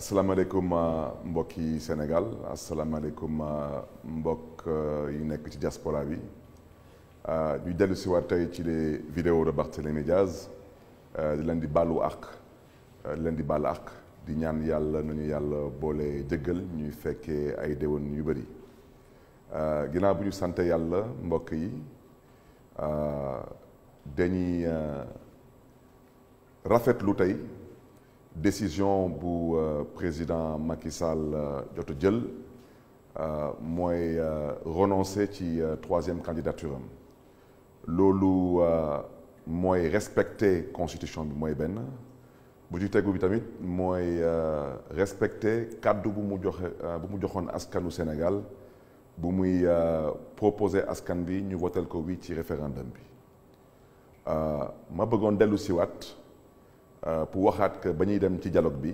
Assalamu alaikum uh, Mboki Sénégal assalamu uh, mbok uh, yi nek ci diaspora bi ñu dellu ci ci les vidéos de Barthélémy Diaz euh di baalu balu di leen di baal di ñaan yalla nañu yàlla ñuy féké ay déwon yu rafet euh décision pour euh, président Macky Sall euh, jot a moi euh, mooy renoncer ci troisième candidature Lolo euh, mooy respecter constitution bi mooy ben. bu ci tegu bi tamit respecter cadre bu mu joxe bu mu Sénégal bu muy proposer askan bi ñu voter ko oui ci référendum bi ma bëggoon dellu siwaat Ah, pour waxat ke bañuy dem ci dialogue bi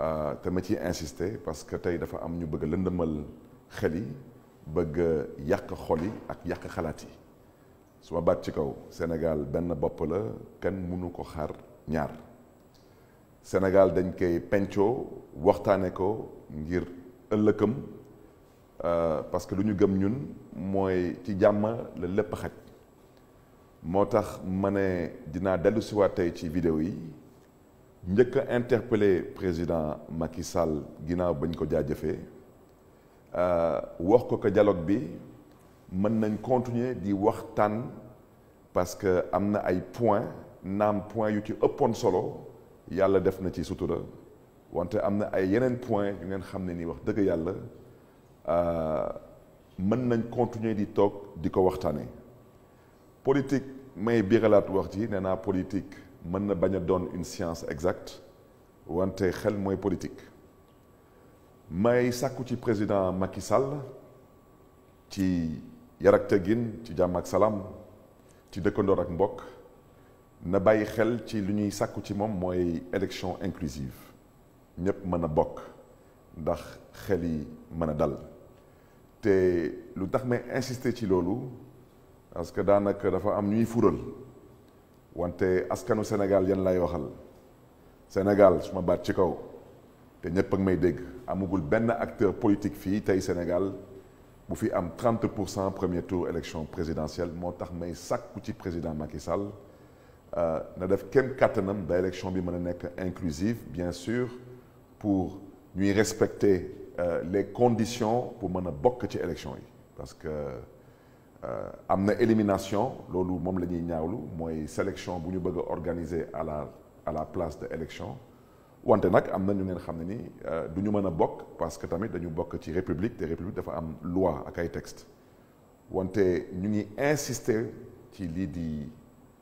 euh ah, te ci insister parce que tay dafa am ñu bëgg lëndëmal xel yi bëgg yak xol yi ak yak xalaat yi suma baat ci kaw sénégal benn bopp la kenn mënu ko xaar ñaar sénégal dañ koy pencoo waxtaane ko ngir ëllëkëm euh ah, parce que lu ñu gëm ñun mooy ci jàmm la lépp xaj motax mané dina ne dinaa dellu siwaat ci vidéo yi ñëk interpeller président Macky Sall ginnaaw bañ ko euh wax ko ko dialogue bi mën nañ continuer di waxtaan parce que amna ay points nam point yu ci ëppoon solo yalla def na ci sutura wante amna ay yenen points yu ngeen xamné ni wax deug yalla euh mën nañ continuer di tok di ko waxtaanee politique may biiralaat wax ji nena politique mën na bañ une science exacte wante xel moy politique may sakku ci président Macky Sall ci yar ak ci jàmm ak salaam ci dëkkandoor ak mbok na bàyyi xel ci luñuy sakku ci mom moy élection inclusive ñep mën bok ndax xel yi mën dal te lu tax may insister ci lolu parce que daanaka dafa am ñuy fural wante askanu Sénégal yan lay waxal Sénégal suma ma baat ci kaw te ñëpp ak may dégg amagul benn acteur politique fii tey Sénégal bu fi am 30 premier tour élection présidentielle moo tax may sàkku ci président Macky Sall euh, na def kenn kàttanam ba élection bi mën a inclusive bien sûr pour ñuy respecter euh, les conditions pour mën a bokk ci élection yi parce que euh, am na élimination loolu moom la ñaawlu moy sélection buñu bëgg organiser à la à la place de élection wante nak amna ñu ngeen xamné ni euh, duñu mëna bokk parce que tamit dañu bokk ci république te république dafa am loi ak ay texte wante ñu ngi insister ci li di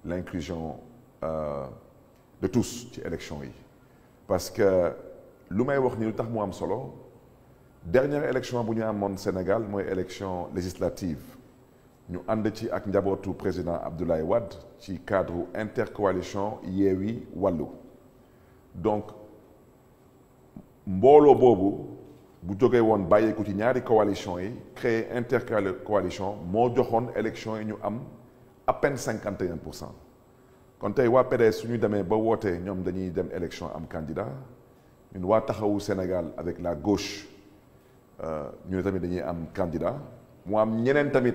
l'inclusion euh, de tous ci élection yi parce que lu may wax ni lu tax mu am solo dernière élection buñu ñu amoon Sénégal moy élection législative nous ànd ci ak njabootu président Abdoulaye Wade ci cadre intercoalition Yewi Wallu donc mbooloo boobu bu jógee woon bàyyeeku ci ñaari coalition yi créer intercoalition moo une élection yi ñu am à peine 51%. Quand un pour cent kon tey waa PDS su ñu demee ba wootee ñoom dañuy dem élection am candidat ñun waa taxawu Sénégal avec la gauche euh, ñu ne tamit dañuy am candidat mu am ñeneen tamit.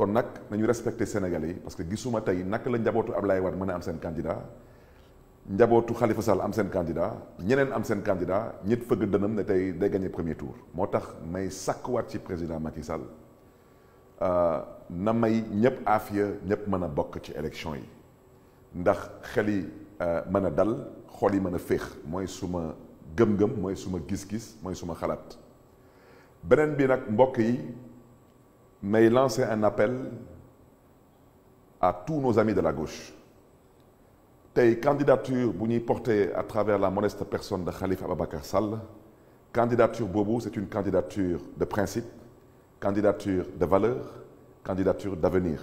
kon nak nañu respecter Sénégalais yi parce que gisuma tay nak la njabootu Ablaye Wade mëna am sen candidat njabootu Khalifa Sall am sen candidat ñeneen am sen candidat ñett feug deunam ne tay day gagner premier tour motax may may wat ci président Macky Sall euh, na may ñëpp aafiya ñëpp mëna bokk ci élection yi ndax xel euh mëna dal xoli mëna feex moy suma gëm-gëm moy suma gis-gis moy suma xalat benen bi nak mbokk yi mais il lance un appel à tous nos amis de la gauche Tes candidature bu ñuy à travers la modeste personne de Khalifa Ababakar Sall candidature Bobo, c'est une candidature de principe candidature de valeur candidature d'avenir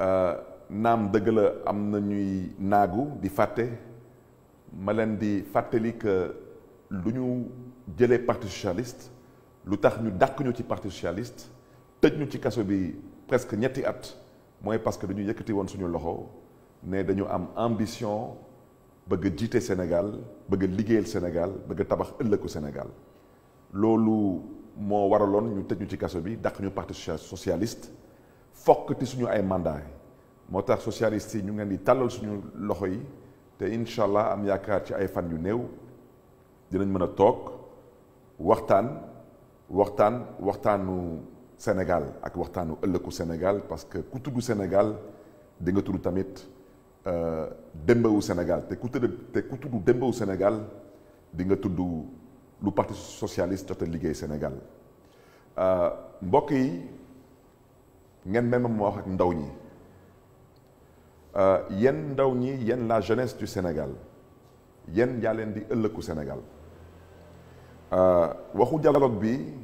euh, Nam degle la nagu ñuy naagu di fàtte ma di fateli que lu ñu parti socialiste lu tax ñu parti socialiste tëj ci kasso bi presque ñetti at mooy parce que dañu yëkkati woon suñu loxo ne dañu am ambition bëgg a jiite Sénégal bëgg a liggéeyal Sénégal bëgg tabax ëllëgu Sénégal loolu moo waraloon ñu tëj ñu ci kaso bi dàq ñu parti socialiste fokk ti suñu ay mandat moo tax socialiste yi ñu ngeen di tàllal suñu loxo yi te incha allah am yaakaar ci ay fan yu néew dinañ mën a toog waxtaan waxtaan waxtaanu. Sénégal ak waxtanu ëllëku Sénégal parce que ku du Sénégal di nga tudd tamit euh, au Sénégal té ku tudd te ku Sénégal di nga tudd lu parti socialiste jot liggéey Sénégal euh, mbokk yi même moi wax ak ndaw ñi euh, ndaw ñi la jeunesse du Sénégal y'en y'a leen di ëllëku Sénégal waxu dialogue bi.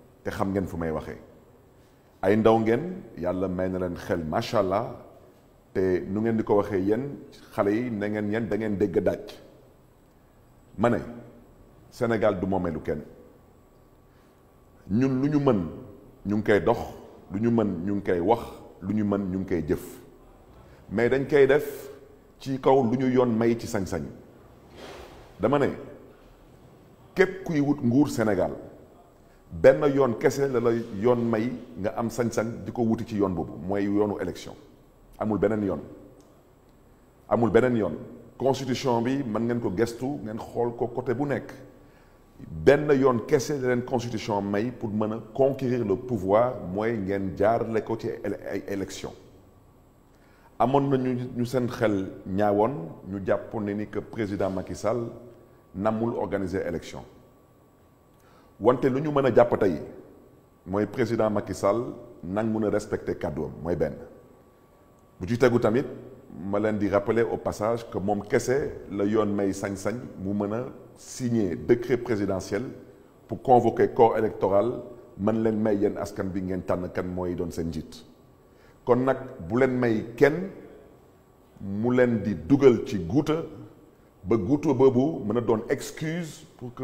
te xam ngeen fu may waxee ay ndaw ngeen yàlla may na leen xel macha allah te nu ngeen di ko waxee yéen xale yi na ngeen yéen da ngeen dégg daaj ma ne Sénégal du ma moomeelu kenn ñun lu ñu mën ñu ngi koy dox lu ñu mën ñu ngi koy wax lu ñu mën ñu ngi koy jëf mais dañ koy def ci kaw lu ñu yoon may ci sañ-sañ dama ne képp kuy wut nguur Sénégal Ben, yon kese la la yoon may nga am sañ-sañ di wuti ci yon boobu moy yoonu election amul benen yon. amul benen yon. constitution bi man ngeen ko gestu ngeen xol ko côté bu nek ben yon kese la len constitution may pour meuna conquérir le pouvoir moy ngeen jaarale ko ci election élection nañu ñu seen xel ñaawon ñu jàppoon ni que président Macky Sall namul organiser élection wante luñu mëna japp tay moy président Macky Sall nangu respecter cadeau moy ben bu ci tegu tamit ma len di rappeler au passage que mom kessé le yoon may sañ-sañ mu mëna a signer décret présidentiel pour convoquer corps électoral man l'en may yéen askan bi ngeen tan kan moy don sen njiit kon nak bu len may kenn mu len di dugal ci guuta ba guuta boobu mëna a excuse pour que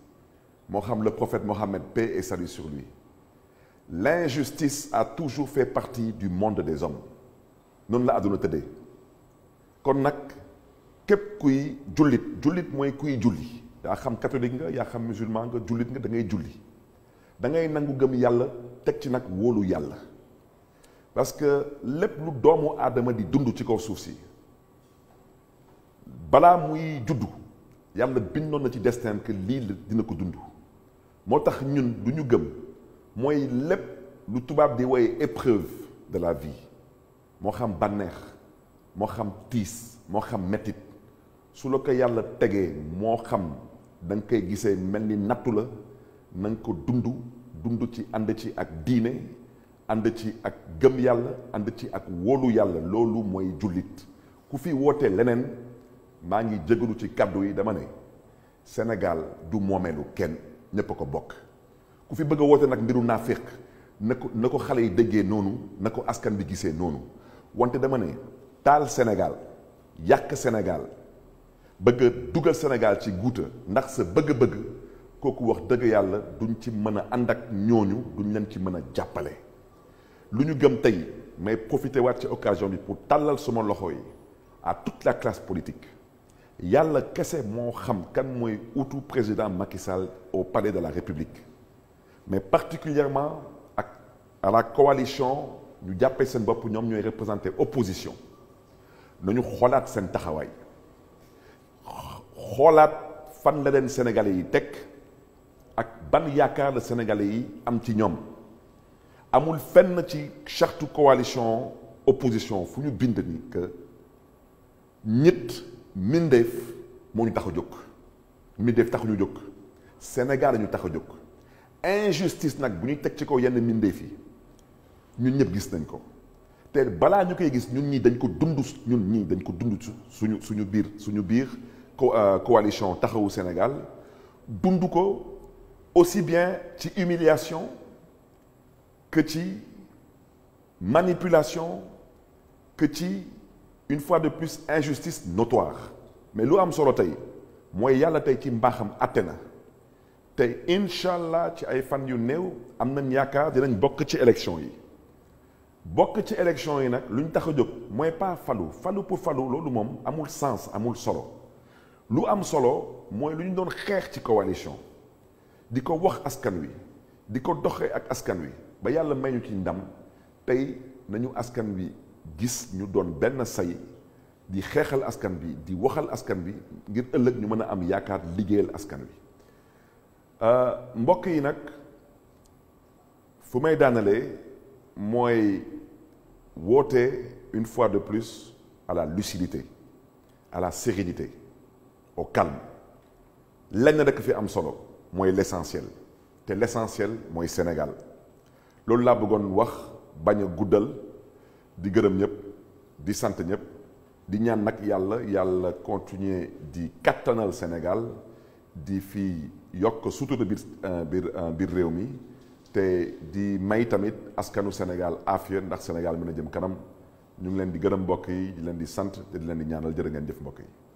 Mohammed, le prophète Mohammed, paix et salut sur lui. L'injustice a toujours fait partie du monde des hommes. Nous la àdduna tëddee kon nag képp kuy jullit julit mooy kuy julli xam catholique nga qui xam musulman nga nga da ngay julli da ngay parce que lepp lu doomu adama di dund ci kaw muy des na ci destin que nous avons dina ko motax ñun duñu gëm moy lepp lu de la vie Mo xam banex mo xam tiis mo xam metit su lo ko yalla tegee mo xam dang kay gisé melni la nang ko dundu, dundu ci and ci ak diiné and ci ak gëm yalla ci ak wolu yalla loolu moy jullit ku fi wootee lenen ma ngi ci cadeau yi dama Sénégal du momelu ken. ñëpp a ko bokk ku fi bëgg a woote nag mbiru naaféq na ko na ko xale yi dëggee noonu na ko askan bi gisee noonu wante dama ne taal Sénégal yàq Sénégal bëgg dugal Sénégal ci guuta ndax sa bëgg-bëgg kooku wax dëgg yàlla duñ ci mën a ànd ak ñooñu duñ leen ci mën a jàppale lu ñu gëm tey may profité waat ci occasion bi pour tàllal suma loxo yi à toute la classe politique Yalla kese mo xam kan moy utu président Macky Sall au palais de la République mais particulièrement à la coalition ñu jappé sen bopp ñom ñoy représenter opposition nañu xoolaat sen taxaway. xoolaat fan la den sénégalais yi tek ak ban yaakaar la sénégalais yi am ci ñom. amul fenn ci charte coalition opposition fu ñu bind ni que nit Mindef, Sénégal injustice Nous bu ñuy ci Mindefi, yenn mindeef yi ñun ñep gis nañ ko té bala ñu koy gis ñun coalition Sénégal dund ko aussi bien ci humiliation que ci manipulation que ci une fois de plus injustice notoire mais lu am solo tey mooy yàlla tey ci mbaaxam atte na tey incha allah ci ay fan yu néew am nañ yaakaar dinañ bokk ci élection yi bokk ci élection yi nag lu ñu tax a jóg mooy pas falu falu pour falu loolu moom amul sens amul solo lu am solo moy luñu ñu doon xeex ci coalition diko ko wax askan wi diko doxé ak askan wi ba yalla may ñu ci ndam tay nañu askan wi gis ñu doon benn say di xeexal askan bi di waxal askan bi ngir ëllëg ñu mën am yaakaar liggéeyal askan bi euh, une fois de plus à la lucidité à la sérénité au calme lenn fi am solo l'essentiel te l'essentiel mooy Sénégal loolu laa bëggoon wax di gërëm ñëpp di sant ñëpp di ñaan nag yàlla yàlla continuer di kattanal Sénégal di fi yokk sutura biir euh, biir euh, biir réew mi te di may tamit askanu Sénégal aafiya ndax Sénégal mën a jëm kanam ñu ngi leen di gërëm mbokk yi leen di sant te di leen di ñaanal jërë ngeen jëf mbokk yi.